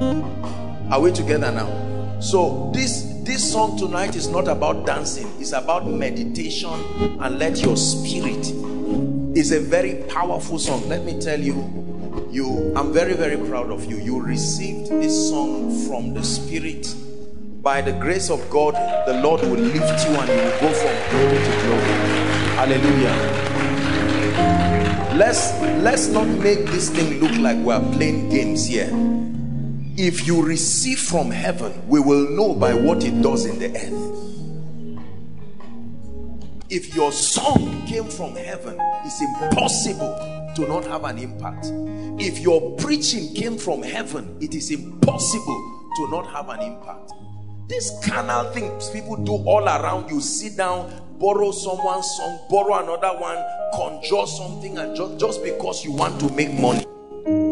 Are we together now? So this this song tonight is not about dancing. It's about meditation and let your spirit. It's a very powerful song. Let me tell you, you I'm very, very proud of you. You received this song from the spirit. By the grace of God, the Lord will lift you and you will go from glory to glory. Hallelujah. Let's let's not make this thing look like we are playing games here if you receive from heaven, we will know by what it does in the earth. If your song came from heaven, it's impossible to not have an impact. If your preaching came from heaven, it is impossible to not have an impact. These carnal things people do all around you, sit down, borrow someone's song, borrow another one, conjure something, and just, just because you want to make money.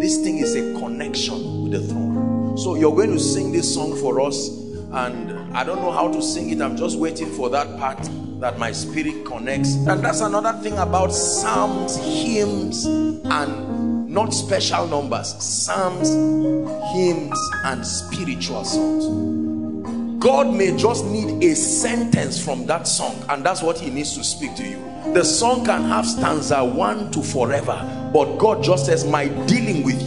This thing is a connection with the throne. So you're going to sing this song for us. And I don't know how to sing it. I'm just waiting for that part that my spirit connects. And that's another thing about psalms, hymns, and not special numbers. Psalms, hymns, and spiritual songs. God may just need a sentence from that song. And that's what he needs to speak to you. The song can have stanza one to forever. But God just says, my dealing with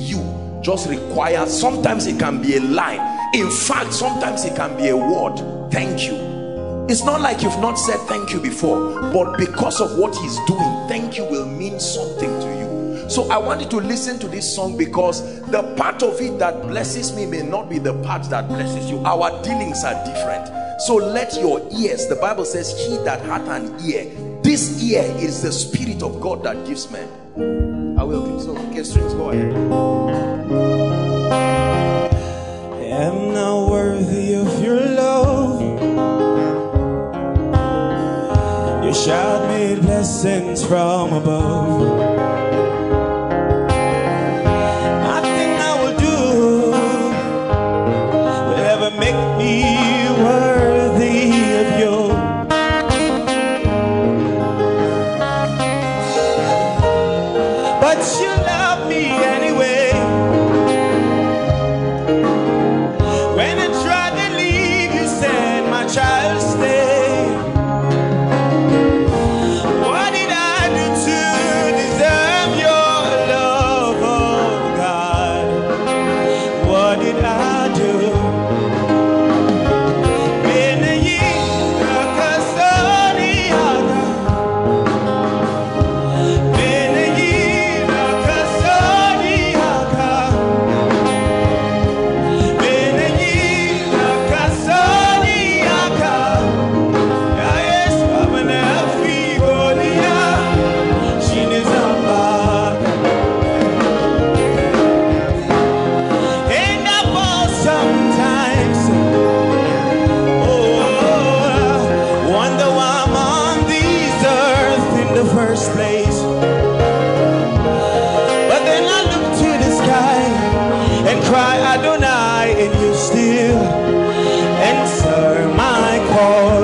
just requires sometimes it can be a line in fact sometimes it can be a word thank you it's not like you've not said thank you before but because of what he's doing thank you will mean something to you so i wanted to listen to this song because the part of it that blesses me may not be the part that blesses you our dealings are different so let your ears the bible says he that hath an ear this ear is the spirit of God that gives men. I will give so get straight. go ahead. I am not worthy of your love. You shout me blessings from above. first place. But then I look to the sky and cry, I don't Adonai, and you still answer my call.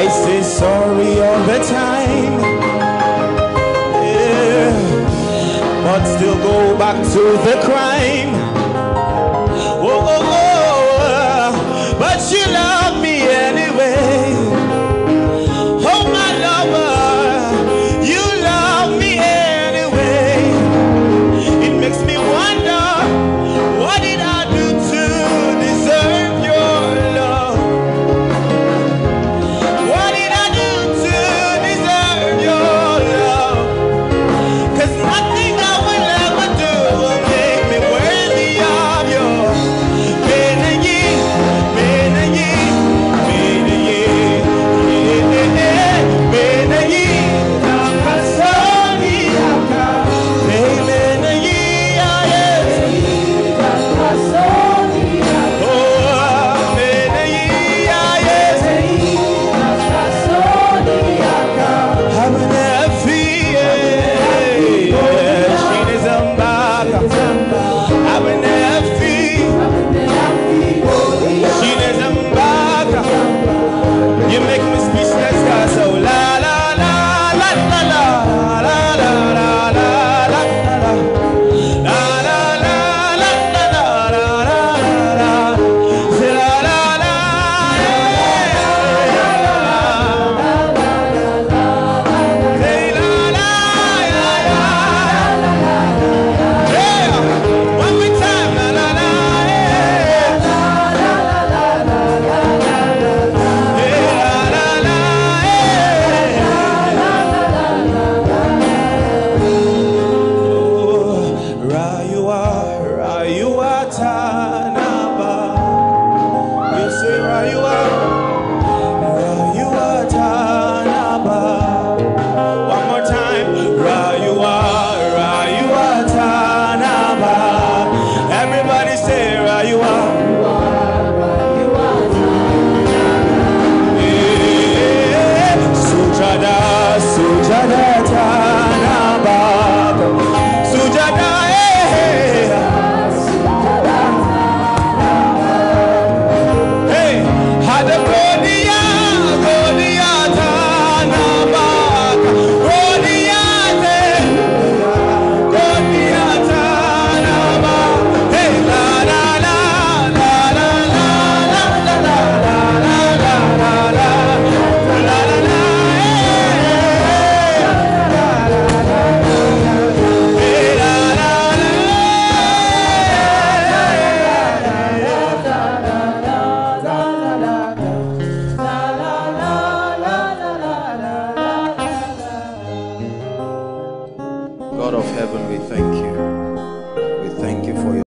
I say sorry all the time, yeah. but still go back to the cry. Are you time.